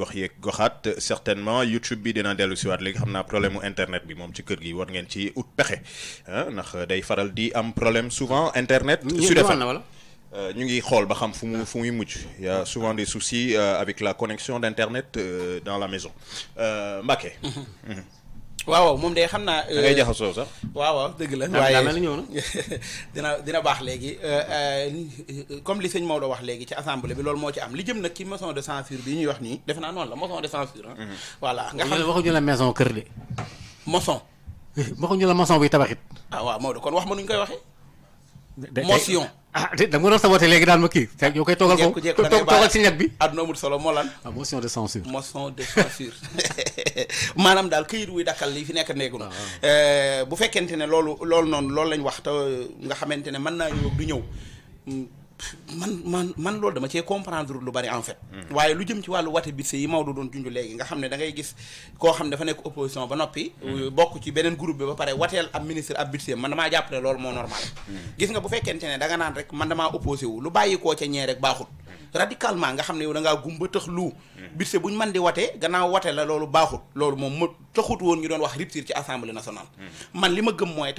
gox yeeg goxaat certainement YouTube bi dina dellu siwaat léegi xam naa problème internet bi moom ci kër gi war ngeen ci ut pexe ah, ndax day faral di am problème souvent internet. su defal wala. Euh, ñu ngi xool ba xam fu mu fu muy mujj y a souvent des soucis euh, avec la connexion d'internet euh, dans la maison Mbacké. waaw moom de xam naa. da a euh, jaxasoo sax. waaw waaw dëgg la. waaye na ñëw na dina dina baax léegi euh, euh, comme li sëñ Maodo wax léegi ci assemblée bi loolu moo ci am li jëm nag ci motion de censure bi ñuy wax nii defe naa noon la motion de censure ah. voilà nga xam ne waxuñu la maison kër de. motion. waxuñu la maçon buy tabaxit. ah waaw Maodo kon wax ma nuñ koy waxee. motion ah da nga doon saboté legui dal ma ki yow koy togal ko togal si ñet bi adno amul solo mo lan ah motion de censure motion de censure maanaam daal këyit wuy dakal li fi nek negu ah, ah. euh bu fekkente ne loolu loolu non loolu lañ wax ta nga xamantene man mën naa du ñew man man loolu dama cee comprendre lu bari en fait. Hmm. waaye lu jëm ci wàllu wate bisse yi Maodo doon junj léegi nga xam ne da gis koo xam ne dafa nekk opposition ba noppi. Hmm. Euh, bokk ci beneen groupe bi ba pare wateel ab ministre ab bisse man damaa jàpp ne loolu moo normal. Hmm. gis nga bu fekkente ne da nga naan lu bàyyi koo ca rek baaxut. radicalement nga xam ne yow da ngaa gumba tëx lu budget bu ñu di watee gannaaw wate la loolu baaxut loolu moom ma taxut woon ñu doon wax rupture ci assemblée nationale man li ma gëm mooy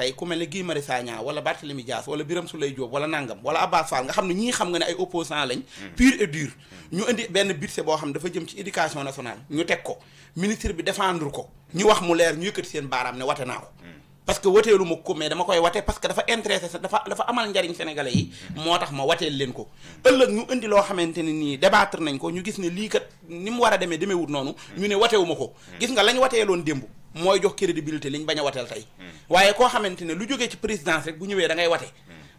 ne ñi xam nga ne ay opposants lañ hmm. pur et dur hmm. ñu indi benn budget boo xam ne dafa jëm ci éducation nationale ñu teg ko ministre bi défendre ko ñu wax mu leer ñu yëkkati seen baaraam ne wate naa ko hmm. parce que wateelu ma ko mais dama koy wate parce que dafa intéressé dafa dafa amal njariñ sénégalais yi moo ma wateel leen ko ëllëg ñu indi loo xamante ne nii débattre nañ ko ñu gis ne lii kat ni mu war a demee demeewut noonu ñu ne watewu ma ko gis nga lañ wateeloon démb mooy jox crédibilité liñ bañ a wateel tey waaye koo xamante ne lu jógee ci présidence rek bu ñëwee da ngay wate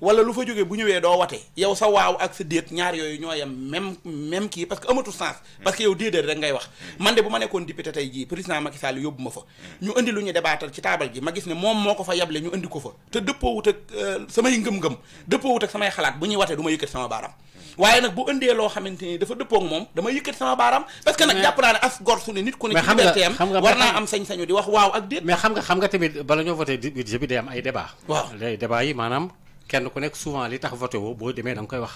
wala lu fa jógee bu ñëwee doo wate yow sa waaw ak sa déet ñaar yooyu ñoo yem même même kii parce que amatu sens parce que yow déedéet rek ngay wax man de bu ma nekkoon député tey jii président Macky Sall yóbbu ma fa ñu indi lu ñu débattal ci taabal ji ma gis ne moom moo ko fa yable ñu indi ko fa te dëppoowut ak euh, samay ngëm-ngëm dëppoowut ak samay xalaat bu ñuy watee du ma yëkkati sama baaraam waaye nag bu ëndee loo xamante ni dafa dëppoo ak moom dama yëkkati sama baaraam parce que nag jàpp naa ne as gor su ne nit ku ne ci liberté war naa am sañ-sañu di wax waaw ak déet mais xam nga tamit bala ñoo voté budget bi day ay débat waaw yi maanaam kenn ku nekk souvent li tax voté woo boo demee da koy wax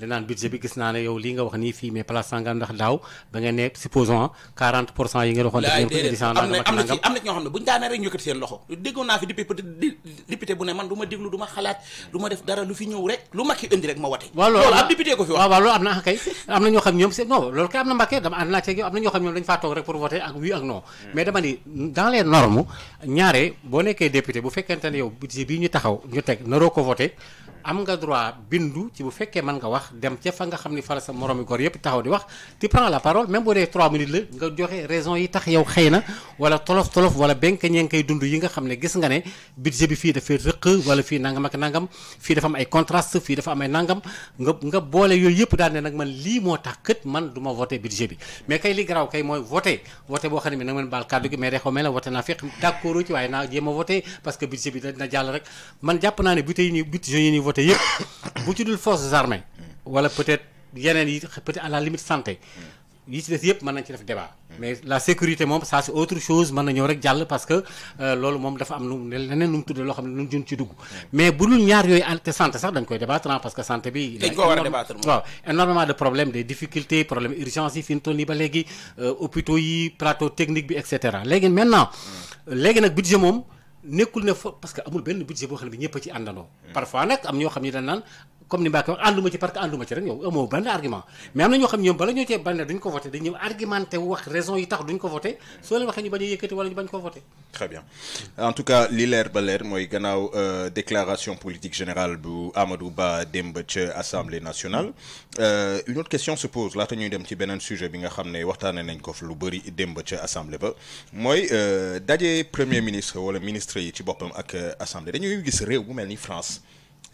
danaan budget bi gis naa ne yow lii nga wax nii fii mais place sangam ndax daaw ba nga ne supposons 40 ah pour cent yi nga waxoon def ngeen seen loxo déggoon naa fi député député bu ne man du ma déglu xalaat du def dara lu fi ñëw rek lu Macky indi rek ma wate loolu am député ko fi wax loolu am na ah, am na ñoo xam ñoom c'est non loolu kay am na Mbacké dama ànd naa ci yow am na ñoo xam ñoom dañu faa toog rek pour voter ak oui ak non hmm. mais dama boo nekkee député bu fekkente ne yow bii ñu taxaw ñu teg naroo ko voter am nga droit bindu ci bu fekkee mën nga wax dem ca fa nga xam ni fa la sa moromi góor yëpp taxaw di wax tu prends la parole même bu dee 3 minutes la nga joxe raison yi tax yow xëy na wala tolof tolof wala benk ñeen koy dund yi nga xam ne gis nga ne budget bi fii dafay rëq wala fii nangam ak nangam fii dafa am ay contraste fii dafa am ay nangam nga nga boole yooyu yëpp daal ne nag man lii moo tax kët man du ma voté budget bi mais kay li garaaw kay mooy côté yëpp bu ci dul forces armées wala peut-être yeneen yi peut-être à la limite santé yi ci des yëpp mën nañ ci def débat mais la sécurité moom ça c'est autre chose mën na ñëw rek jàll parce que euh, loolu moom dafa am nu leneen nu mu tuddee loo xam ne nu jun ci dugg mais bu dul ñaar yooyu te santé sax dañ koy débattre ah, parce que santé bi dañ ko war a débattre waaw énormément de problèmes des difficultés problèmes urgence yi fi mu toll ba léegi euh, hôpitaux yi plateau technique bi et cetera léegi maintenant léegi nag budget moom nekkul ne fo parce que amul benn budget boo xam ne bi ñëpp a ci àndandoo. Hmm. parfois nag am ñoo xam ne dañ comme ni Mbacke anduma ci parce anduma ci rek yow amo benn argument mais am na ñoo xam ñoom bala ñoo ci bañ ne duñ ko voter dañu argumenter wax raison yi tax duñ ko voter so leen waxe ñu bañ yëkëti wala ñu bañ ko voter très bien en tout cas li leer ba leer moy gannaaw euh, déclaration politique générale bu Amadou Ba Demba ci assemblée nationale euh, une autre question se pose laata ñuy dem ci benen sujet bi nga xamné ne nañ ko lu bari Demba ci assemblée ba moy euh, dajé premier ministre wala ministre yi ci bopam ak euh, assemblée dañuy gis réew bu melni France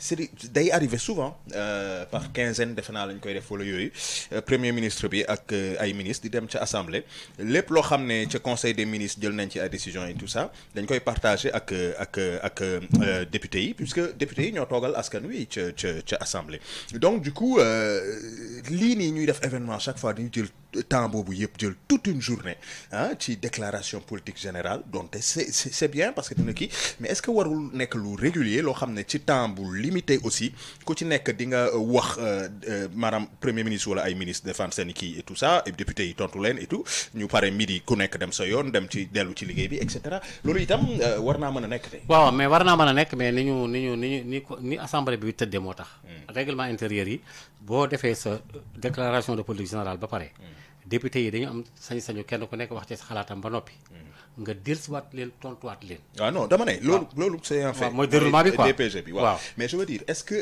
c'est day arrivé souvent euh, par quinzaine de finales, la ñu koy def wala yoyu euh, premier ministre bi ak euh, ay ministres di dem Les assemblée lepp lo xamné ne conseil des ministres jël nañ ci ay décisions et tout ça dañ koy partager ak ak ak euh, député puisque député yi ñoo toogal askan wi ci ci assemblée donc du coup lii ni ñuy def événement chaque fois dañu jël temps boobu yëpp toute une journée hein ci déclaration politique générale donc c'est c'est bien parce que dina kii mais est-ce que warul nek lu régulier lo xamné ci temps bu limité aussi ko ci nek di nga euh, wax euh, euh, madame premier ministre wala ay ministre défendre seen kii et tout ça et député yi tontu et tout ñu paré midi ku nek dem sa yoon dem ci delu ci liguey bi et cetera itam war mëna nek dé waaw mais war mëna nek mais ni ñu ni ñu ni ni assemblée bi tëddee motax hmm. règlement intérieur yi bo défé sa déclaration de politique générale ba paré hmm député yi dañu am sañ-sañu kenn ku nekk wax ci xalaatam ba noppi. nga dellusiwaat leen tontuwaat leen. waaw ah non dama ne. loolu loolu c'est en fait. mooy déroulement bi quoi DPG bi waaw. mais je veux dire est-ce que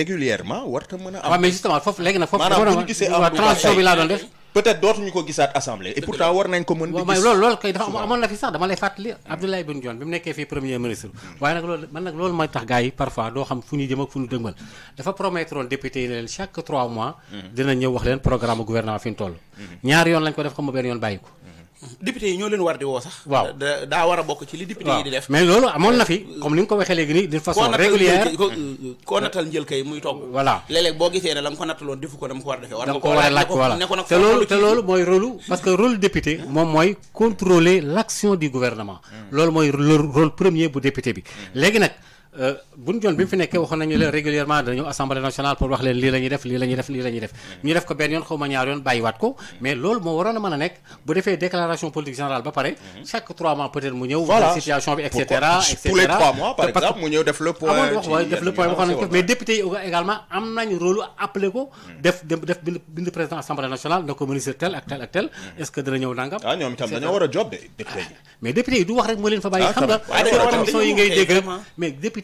régulièrement warta mën a. am waaw mais justement foofu léegi nag. foofu maanaam bu ñu gisee am transition bi laa doon def peut-être dootuñu ko gisaat assemblée. et pourtant war nañ ko mën di gis loolu loolu kay dafa amoon na fi sax dama lay fàttali Abdoulaye Boun Dionne bi mu nekkee premier ministre. Hmm. waaye nak loolu man nak loolu moy tax gaay parfois do xam fuñu dem ak fuñu ñu dafa promettre woon député yi leen chaque 3 mois. Hmm. dina ñëw wax leen programme gouvernement fiñ toll. Hmm. ñaar yoon lañ ko def xam benn yoon bayiko député yi ñoo leen war di woo sax. waaw daa war a bokk ci li député yi di def. mais loolu amoon na fi comme ni nga ko waxee léegi nii d'une façon régulière euh, koo nattal njël kay muy togg. voilà léeg-léeg boo gisee ne la nga ko nattaloon defu ko dama ko war a defee. war nga ko war a laaj voilà te loolu te loolu mooy rôle parce que rôle député hmm. moom mooy contrôler l'action du gouvernement. Hmm. loolu mooy le rôle premier bu député bi hmm. léegi nag. Euh, buñ joon bi mu fi nekkee waxoon nañu leen régulièrement dañu assemblée nationale pour wax leen lii la ñuy def lii la ñuy def lii la ñuy def ñu def ko benn yoon xaw ma ñaar yoon bàyyiwaat ko mais loolu moo waroon a mën a nekk bu defee déclaration politique générale ba pare chaque trois mois peut-être mu ñëw voilà situation bi et cetera et cetera tous mois par exemple mu ñëw def le point wax waaye def le point waxoon nañu ko mais député yi également am nañu rôle appelé ko def def bind bind président assemblée nationale na ko ministre tel ak tel ak tel est-ce que dana ñëw nangam ah ñoom itam dañoo war a job de député yi mais député yi du wax rek moo leen fa bàyyi ah, xam nga commission yi ngay dégg mais député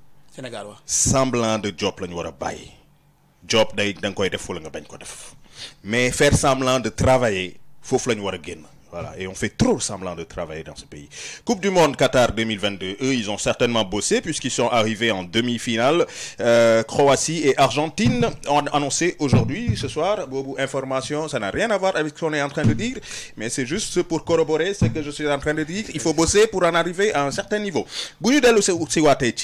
Sénégal semblant de job nous ñu war job day da faire. def mais faire semblant de travailler foofu la ñu et on fait trop semblant de travailler dans ce pays. Coupe du Monde Qatar 2022. Eux, ils ont certainement bossé puisqu'ils sont arrivés en demi-finale. Euh, Croatie et Argentine ont annoncé aujourd'hui, ce soir, beaucoup d'informations. Ça n'a rien à voir avec ce qu'on est en train de dire, mais c'est juste pour corroborer ce que je suis en train de dire. Il faut bosser pour en arriver à un certain niveau.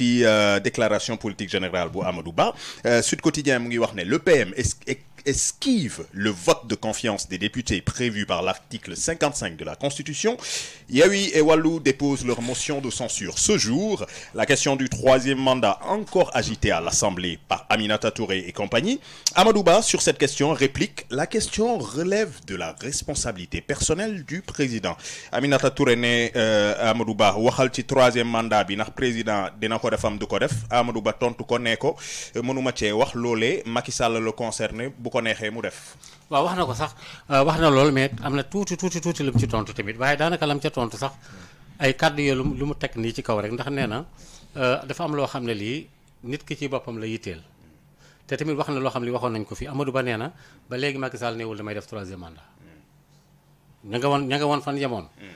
Euh, déclaration politique générale pour Amadouba. Euh, Sud Quotidien, le PM est esquive le vote de confiance des députés prévu par l'article 55 de la Constitution, Yahui et Walou déposent leur motion de censure ce jour. La question du troisième mandat encore agitée à l'Assemblée par Aminata Touré et compagnie, Amadouba sur cette question réplique la question relève de la responsabilité personnelle du président. Aminata Touré euh, Amadouba waxal troisième mandat bi président dina ko Amadouba tontou ko ko euh, wax concerné ko neexee mu def. waaw wax na ko sax euh, wax na loolu mais am na tuuti tuuti tuuti lu mu ci tontu tamit waaye daanaka lam ca tontu sax ay kàddu yoo lu mu teg nii ci kaw rek ndax nee na euh, dafa am loo xam ne lii nit ki ci boppam la yitteel. te tamit wax na loo xam ne waxoon nañ ko fii Amadou Ba nee na ba léegi Macky Sall neewul damay def troisième mandat. Hmm. ña nga woon ña nga woon fan yemoon. Hmm.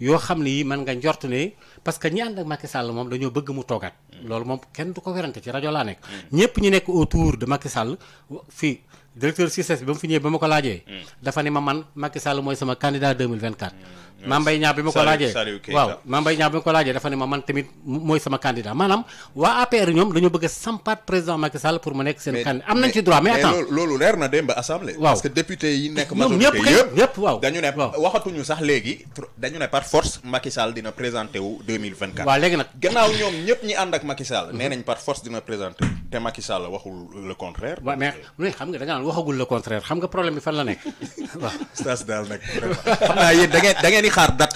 yoo xam ne man mën nga njort ne parce que ñi ànd ak Macky Sall moom dañoo bëgg mu toogaat mm. loolu moom kenn du ko werante ci rajo laa nekk mm. ñëpp ñu nekk autour de Macky Sall fii directeur CICES bi ba mu fi ñëwee ba ma ko laajee mm. dafa ne ma man Macky Sall mooy sama candidat Mame Mbaye Niang bi ma ko laajee waaw Mame Mbaye Niang bi ma ko laajee dafa ne ma man tamit mooy sama candidat maanaam waa APR ñoom dañoo bëgg a sampaat président Macky Sall pour mu nekk seen candidat am nañ ci droit mais attends loolu waaw nekk majorité yëpp yëpp waaw dañu waxatuñu sax léegi dañu ne par force Macky Sall dina présenté wu 2024 waaw léegi nag gannaaw ñoom ñëpp ñi ànd ak Macky Sall nee nañ par force dina présenté te Macky Sall waxul le contraire. waaw mais mais xam nga da nga naan waxagul le contraire xam nga problème bi fan la nekk waaw. stage daal nag xam naa yéen da ngeen da xaar date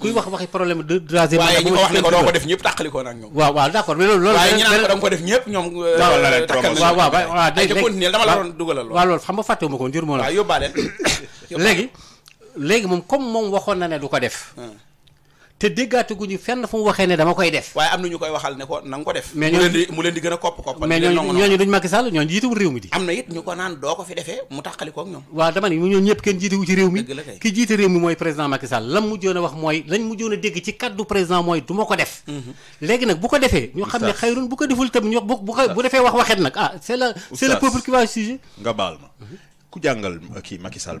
kuy wax waxi problème de troisième mandat. waaye ñi ko wax ne ko doo ko def ñëpp tàqali ko nag ñoom. waaw waaw d' ko def ñëpp ñoom. loolu la leen trompé waaw waaw waaw léegi léegi continué dama la doon dugalal loolu. waaw loolu waaw léegi léegi moom comme moom waxoon na ne du ko def te déggaatuguñu fenn fu mu waxee ne dama koy def waaye am na ñu koy waxal ne ko na nga ko def mais mu leen di mu leen di gën a kopp kopp mais ñooñu duñ Macky Sall ñooñu jiituwul réew it ñu ko naan doo ko fi defee mu tàqalikoo a wax mooy dégg ci kaddu président mooy du ma ko def mhm. léegi nag bu ko defee ñu xam ko deful tam ñu wax bu bu ko bu defee wax waxet nag ah c'est la c'est le nga baal ma mhm. ku jàngal kii Macky Sall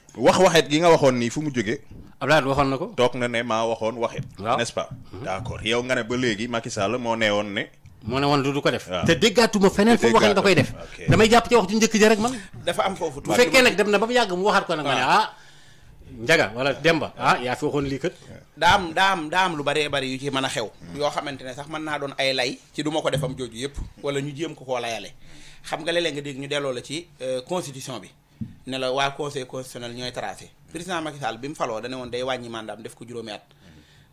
wax waxet gi nga waxoon nii fu mu jógee. Abdoulaye waxoon na ko. toog na ne maa waxoon waxet. waaw n'est-ce pas. Mhm. yow nga ne ba léegi Macky Sall moo ne woon ne. moo ne woon du ko def. te déggaatuma feneen fu mu waxee da koy def. damay jàpp ci wax ju njëkk ja rek man. am foofu bu fekkee nag dem na ba mu yàgg mu waxaat ko nag ma ne ah. Njaga ah yaa fi lii kat. daa am daa am daa lu bëree bëri yu ci mën a xew. yoo xamante ne sax mën naa doon ay lay. ci du ma ko defam jooju yëpp. wala ñu jéem ko koo layale. xam nga léeg nga dégg ñu delloo la ci euh, constitution bi ne la waa conseil constitutionnel ñooy tracé président Macky Sall bi mu faloo dane woon day wàññi mandaam def ko juróomi at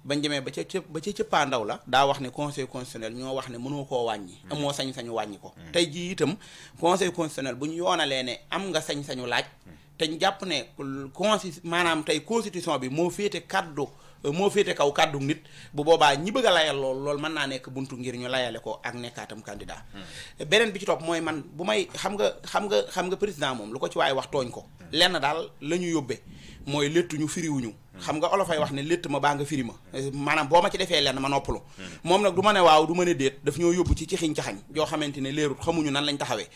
demee ba ca ba ca cëppaa ndaw la daa wax ne conseil constitutionnel ñoo wax ne mënoo koo wàññi mm. moo sañ-sañu wàññi ko mm. tey jii itam conseil constitutionnel bu ñu yoonalee ne am nga sañ-sañu laaj mm. te ñu jàpp ne consi maanaam tey constitution bi moo féete kaddu Euh, moo féete kaw kàddu nit bu boobaa ñi bëgg a layal lool loolu mën naa nekk buntu ngir ñu layale ko ak nekkaatam candidat hmm. beneen bi ci topp mooy man bu may xam nga xam nga xam nga président moom lu ko ci waaye wax tooñ ko hmm. lenn daal la ñu yóbbee mooy léttu ñu firiwuñu hmm. xam nga olofay wax ne létt ma baa nga firi ma eh, maanaam boo ma ci defee lenn ma noppalu moom nag du ma ne waaw du ma ne déet daf ñoo yóbbu ci ci xiñ caxañ joo xamante ne léerut xamuñu nan lañ taxawee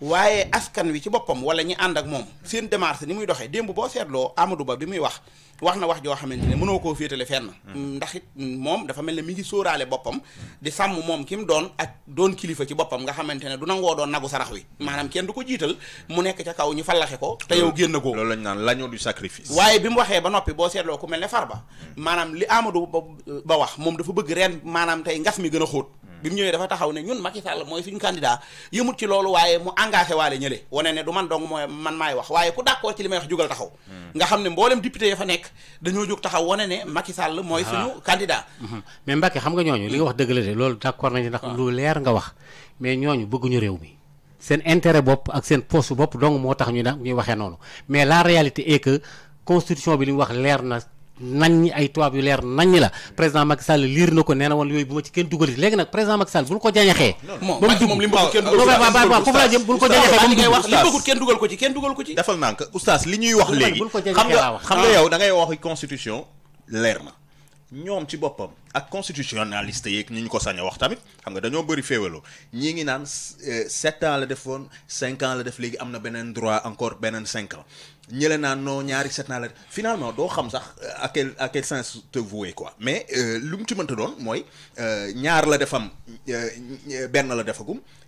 waaye askan wi ci boppam wala ñi ànd ak moom seen démarche ni muy doxee démb boo seetloo Amadou Ba bi muy wax wax na wax joo xamante ne mënoo koo féetale fenn ndax it moom dafa mel ne mi ngi sóoraale boppam di sàmm moom ki mu doon ak doon kilifa ci boppam nga xamante ne du nangoo doon nagu sarax wi maanaam kenn du ko jiital mu nekk ca kaw ñu fallaxe ko te yow génn ko loolu lañ naan l'agneau du sacrifice waaye bi mu waxee ba noppi boo seetloo ku mel ne far ba maanaam li Amadou Ba wax moom dafa bëgg ren maanaam tey ngas mi gën a xóot bi mu ñëwee dafa taxaw ne ñun Macky Sall mooy suñu candidat yëmut ci loolu waaye mu engagé ñële wane ne du man dong mooy man maay wax waaye ku d'accord ci li may wax jugal taxaw hmm. nga xam ne mboolem député ya fa nekk dañoo jóg taxaw wane ne Macky mooy ah. suñu candidat hmm. mais Mbacké xam nga ñooñu li nga wax dëgg la de loolu d'accord nañu ndax ah. lu leer nga wax mais ñooñu bëgguñu réew mi seen intérêt bopp ak seen poste bopp dong moo tax ñu ñuy waxee noonu mais la réalité est que constitution bi li mu wax leer na nañ ay tubaab yu leer nañ la président Macky Sall liir na ko nee na woon yooyu bu ma ci kenn dugal léegi nag président Macky Sall bu ko jañaxee ba mu dugg li mu kenn dugal foofu laa jëm bu ko jañaxee ba mu dugg wax li bëggut kenn dugal ko ci kenn dugal ko ci defal nànk oustaz li ñuy wax léegi xam nga xam nga ah. yow da ngay wax constitution leer na ñoom ci boppam ak constitutionnaliste yeeg ñu ñu ko sañ a wax tamit xam nga dañoo bëri féewaloo ñii ngi naan euh, sept ans la defoon cinq ans la def léegi am na beneen droit encore beneen cinq ans ñële naan non ñaari set naa la finalement do xam sax euh, à quel à quel sens te vouer quoi mais euh, lu mu ci mënta doon mooy euh, ñaar la defam ben la defagum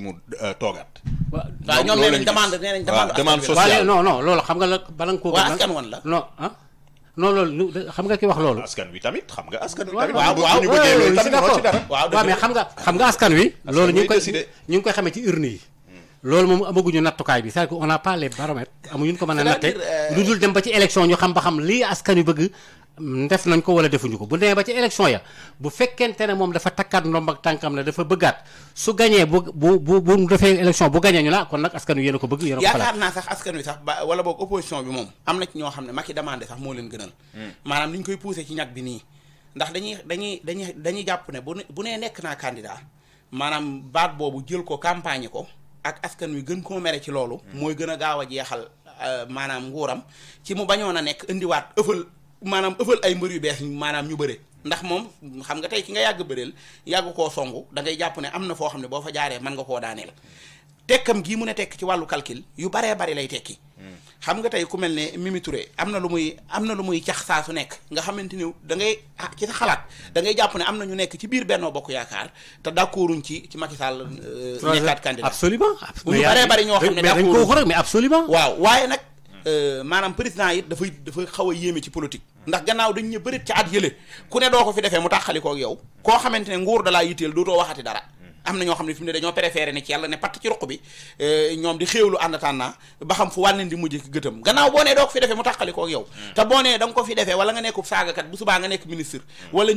si mu euh, toogaat. waaw ñoom nee nañ demande nee nañ demande. demande sociale non loolu xam nga la bala nga koo. waaw askan woon la non ah. non loolu xam nga ki wax ah, loolu. askan wi tamit xam nga askan wi. tamit waaw waaw waaw mais xam nga xam nga askan wi. loolu ñu ngi koy ñu ngi koy xamee ci urne yi. loolu moom amaguñu nattukaay bi c'est-à-dire n'a pas les baromètres amuñu ko mën a natte euh, lu dul dem ba ci élection ñu xam ba xam lii askan wi bëgg def nañ ko wala defuñu ko bu demee ba ci élection ya bu fekkente ne moom dafa takkaat ndomb ak tànkam ne dafa bëggaat su gañee bu bu bu bu defee élection bu gañee ñu la ah kon nag askan wi yéen a ko bëgg yéen a ko xalaat yaakaar naa sax askan wi sax ba wala boog opposition bi moom am na ci ñoo xam ne Macky demandé sax moo leen gënal hmm. maanaam ni ñu koy poussé ci ñag bi nii ndax dañuy dañuy bu bu baat boobu jël ko campagne ko ak askan wi gën koo mere ci loolu hmm. mooy gën a gaaw a jeexal euh, maanaam nguuram ci mu bañoon nekk indiwaat maanaam ëffal ay mbër yu bees maanaam ñu bëre ndax moom xam nga tey ki nga yàgg bëreel yàgg koo songu da ngay jàpp ne am na foo xam ne boo fa jaaree mën nga koo daaneel tekkam gii mu ne tekk ci wàllu calcul yu baree bari lay tekki hmm. xam nga tey ku mel ne Mimi am na lu muy am na lu muy cax saa su nekk nga xamante ni da ngay ah, ci sa xalaat da ngay jàpp ne am na ñu nekk ci biir Benno Bokk Yaakaar te d'accorduñ ci ci Macky Sall euh, nekkaat candidat absolument ñu baree bari ñoo xam ne d'accord waaw waaye nag Euh, maanaam président it dafay dafa xaw a yéeme ci politique ndax gannaaw dañ ñu bërit ci at yële ku ne doo ko fi defee mu tàqalikook yow koo xamante ne nguur dalaa yitteel dootoo waxati dara am na ñoo xam ne fi mu ne dañoo préféré ne ci yàlla ne patt ci ruq bi euh, ñoom di xéewlu àndataan naa ba xam fu wàllen di mujj ki gëtëm gannaaw boo nee doo ko fi defee mu tàqalikoo ak yow hmm. te boo nee da nga ko fi defee wala nga nekku saagakat bu subaa nga nekk ministre hmm.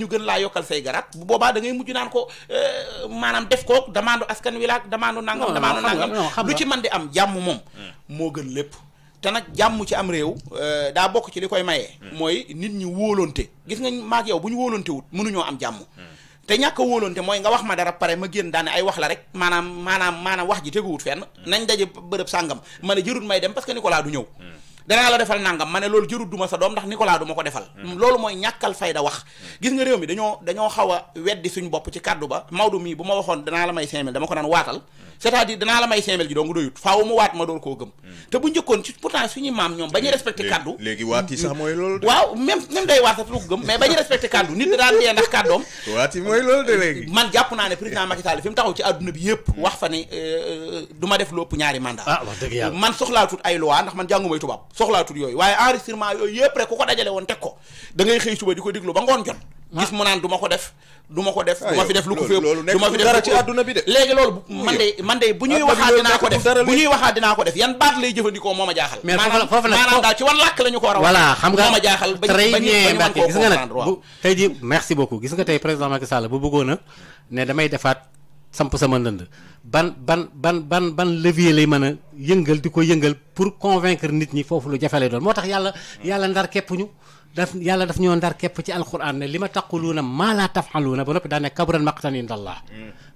ko euh, maanaam def kook demande askan wi laak demande nangam demande nangam am jàmm moom hmm. moo gën lépp te nag jàmm ci am réew euh, daa bokk ci li koy maye. Hmm. mooy nit ñi wóolonte gis nga maak yow bu ñu wóolonte wut mënuñoo am jàmm hmm. te ñàkk a wóolonte mooy nga wax ma dara pare ma génn daane ay wax la rek maanaam maanaam maanaam wax ji teguwut fenn hmm. nañ daje bërëb sàngam ma a jërut may dem parce que laa du ñëw danaa la defal nangam ma ne loolu jërut duma sa doom ndax Nicolas du ma ko defal hmm. Hmm. loolu mooy ñàkkal fayda wax gis nga réew mi dañoo dañoo xaw a weddi suñ bopp ci kàddu ba Maodo mii bu ma waxoon danaa la may cinq dama ko naan waatal hmm. c'est-à-dire danaa la may cinq mille ji dong doyut faaw mu waat ma door koo gëm te bu njëkkoon ci pourtant suñu maam ñoom bañuy respecté kàddu léegi waat yi sax mooy loolu waaw même même day waat sax lu ko gëm mais bañuy respecté kàddu nit de léegi man jàpp naa ne président Macky Sall fi mu taxaw ci àdduna bi yëpp wax fa ne euh, euh, du ma def lu ëpp ñaari mandat ah, man soxlaatut ay loi ndax man jàngumay tubaab soxlaatul yooyu waaye enregistrement yooyu yëpp rek ku ko dajale woon teg ko da ngay xëy suba di ko déglu ba ngoon jot ah. gis mu naan du ko def du ma ko def du ma ah, def lu ko fi du ma fi léegi loolu bu ñuy waxaat dinaa ko def bu ñuy waxaat dinaa ko def yan baat lay jëfandikoo moo ma jaaxal foofu nag maanaam daal ci wan làkk la ñu ko war a voilà xam nga moo ma jaaxal très bien Mbacke gis nga nag tey ji merci beaucoup gis nga tey président Macky Sall bu bëggoon a ne damay defaat samp sama ndënd ban ban ban ban ban levier lay mën a yëngal di ko yëngal pour convaincre nit ñi foofu lu jafe lay doon moo tax yàlla yàlla ndar kepp ñu daf yàlla daf ñoo ndar képp ci alquran ne li ma taquluuna maa laa tafaluuna ba noppi daa ne kabran maqtan indallah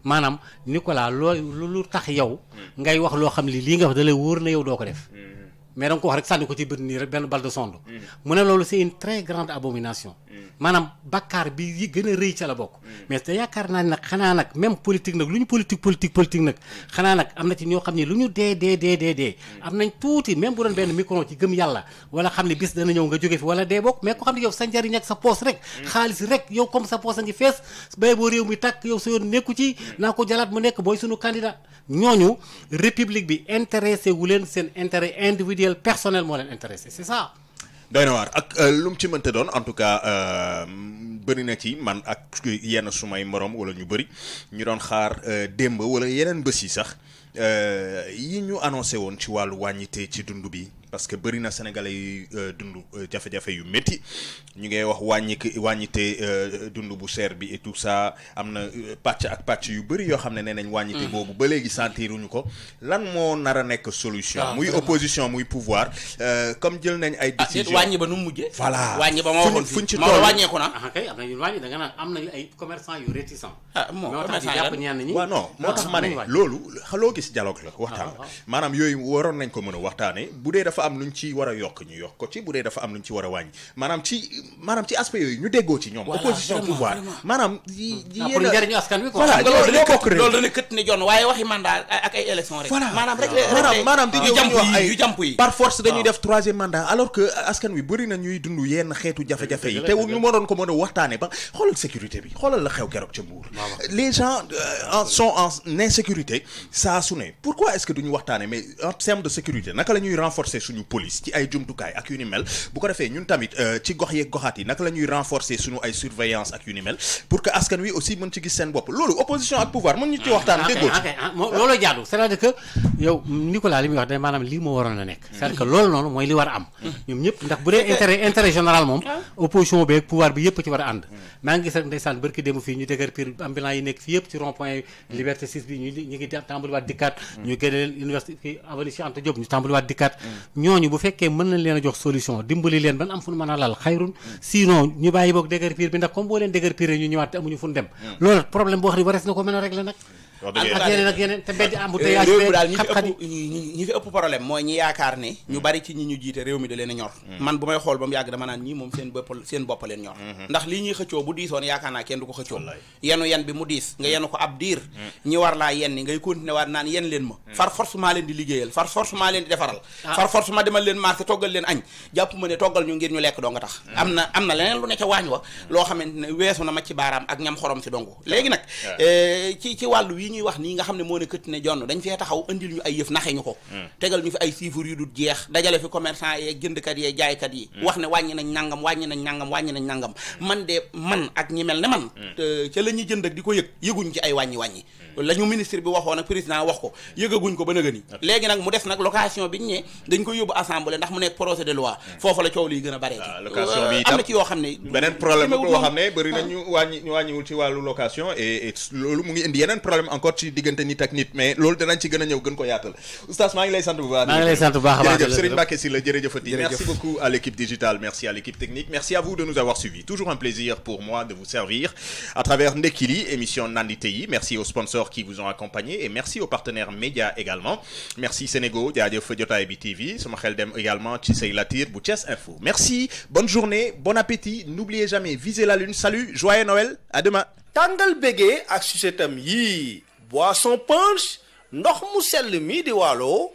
maanaam Nicolas loo lu tax yow ngay wax loo xam li lii nga wax da lay wóor na yow doo ko def mm. mais da nga ko wax rek sànni ko ci bët nii rek benn balle de sonde mm. mu ne loolu c'est une maanaam bakkaar bi yi gën a rëy ca la bokk mm. mais te yaakaar naa ne nag xanaa nag même politique nag lu ñu politique politique politique nag mm. xanaa nag am na ci ñoo xam ni lu ñu dee dee dee dee mm. am nañ tuuti même bu doon benn micro ci gëm yàlla wala xam ne bis dana ñëw nga jóge fi wala dee bokk mais ko xam ne yow sa njariñ ak sa poos rek xaalis rek yow comme sa poos ngi fees bay boo réew mi tàkk yow sa yoon nekku ci naa ko jalaat mu nekk booy suñu candidat ñooñu république bi intéressé wu leen seen intérêt individuel personnel moo leen intéressé c'est doy na waar ak euh, lu mu ci mënte doon en tout cas euh, bëri na ci man ak yenn sumay morom wala ñu bëri ñu doon xaar euh, démb wala yeneen bés yi sax yi ñu annoncé woon ci wàllu wàññite ci dund bi parce que bëri na sénégalais yuy euh, dundu euh, jafe-jafe yu métti ñu ngay wax wàññi wàññite euh, dund bu seer bi et tout sa am na pàcc ak pàcc yu bëri yoo xam ne nee nañ wàññite mm. boobu ba léegi sentiruñu ko lan moo nar a nekk solution ah, muy opposition muy pouvoir comme jël nañ ay ah, décision wàññi ba nu mujjee voilà wàññi ba ma waxoon ci toll wàññeeku na ah, kay am na am nañu ay commerçant yu réticent ah moom waaw non moo tax ma ne loolu loo gis dialogue la waxtaan maanaam yooyu waroon nañ ko mën a waxtaane bu dee dafa am lu ci war a yokk ñu yokk ko ci bu dee dafa am luñ ci war a wàññi maanaam ci maanaam ci aspect yooyu ñu déggoo ci ñoom. opposition pouvoir maanaam. yi hmm. ah, yéen pour njëriñu askan wi quoi. voilà ñoo bokk réew loolu dana kët ne jon waaye waxi mandat ak ay élection rek. voilà maanaam rek maanaam maanaam di ñëw ñu wax ay yu yi par force dañuy ah. def troisième mandat alors que askan wi bëri na ñuy dund yenn xeetu jafe-jafe yi te ñu ma doon ko mën a waxtaane ba xoolal sécurité bi xoolal la xew keroog ca Mbuur les gens euh, en sont en insécurité saa su ne pourquoi est-ce que duñu waxtaane mais en termes de sécurité naka la ñuy renforcer suñu police ci ay jumtukaay ak yu ni mel bu ko defee ñun tamit euh, ci gox yeeg goxaat yi naka la ñuy renforcer suñu ay surveillance ak yu ni mel pour que askan wi aussi mën ci gis seen bopp loolu opposition ak pouvoir mën ñu ci waxtaan ah, déggoo ah, loolu jaadu c'est-à-dire que yow Nicolas li maanaam lii moo waroon a nekk cest à loolu noonu mooy li war am ñoom ñëpp ndax bu dee intérêt intérêt général moom ah. opposition bi pouvoir bi yëpp ci war a ànd hmm. maa ngi gis rek ndeysaan barki démb fii ñu dëgër piir bi ñu dëgër hmm. hmm. piir bi ndax comme boo leen dëgër piir ñu ñëwaat amuñu fu dem loolu problème boo xam ne warees na ko mën a régler nag ak yeneen ak yeneen te eh, ñi fi ëpp problème mooy ñi yaakaar ne ñu mm. bari ci ñi ñu jiite réew mi da leen a ñor mm. man bu may xool ba mu yàgg dama naan ñii moom seen bopp leen ñor mm-hmm. ndax lii ñuy xëccoo bu diisoon yaakaar naa kenn du ko xëccoo yenu yen bi mu diis nga mm. yenu ko ab diir ñi war laa yenni ngay continuer waat naan yen leen ma far forcément leen di liggéeyal far forcément leen di defaral ah. far forcément demal leen marché toggal leen añ jàpp ma ne toggal ñu ngir ñu yi ñuy wax nii nga xam ne moo ne këtt ne jonn dañ fee taxaw andil ñu ay yëf naxe ñu ko hmm. tegal ñu fi ay chiffres yu dul jeex dajale fi commerçant yeeg jëndkat yeeg jaaykat yi hmm. wax ne wàññi nañ nangam wàññi nañ nangam wàññi nañ nangam man de man ak ñi mel ne man hmm. ca la jënd di ko yëg yëguñ ci ay wàññi wàññi la ministre bi waxoon ak président wax ko yëgaguñ ko ba nëga ni léegi nag mu des nag location bi ñu dañ ko yóbbu assemblée ndax la encore ci nit mais ci ñëw gën ko yaatal merci beaucoup à l'équipe digitale merci à l'équipe technique merci à vous de nous avoir suivis toujours un plaisir pour moi de vous servir à travers Ndekili émission Nandi merci aux sponsors qui vous ont accompagné et merci aux partenaires médias également merci Sénégo jaajëf jotaay et TV sama xel également ci latir bu Info merci bonne journée bon appétit n'oubliez jamais viser la lune salut joyeux Noël à demain tangal bégee ak yi boisson punch ndox mu sell mii di Waalo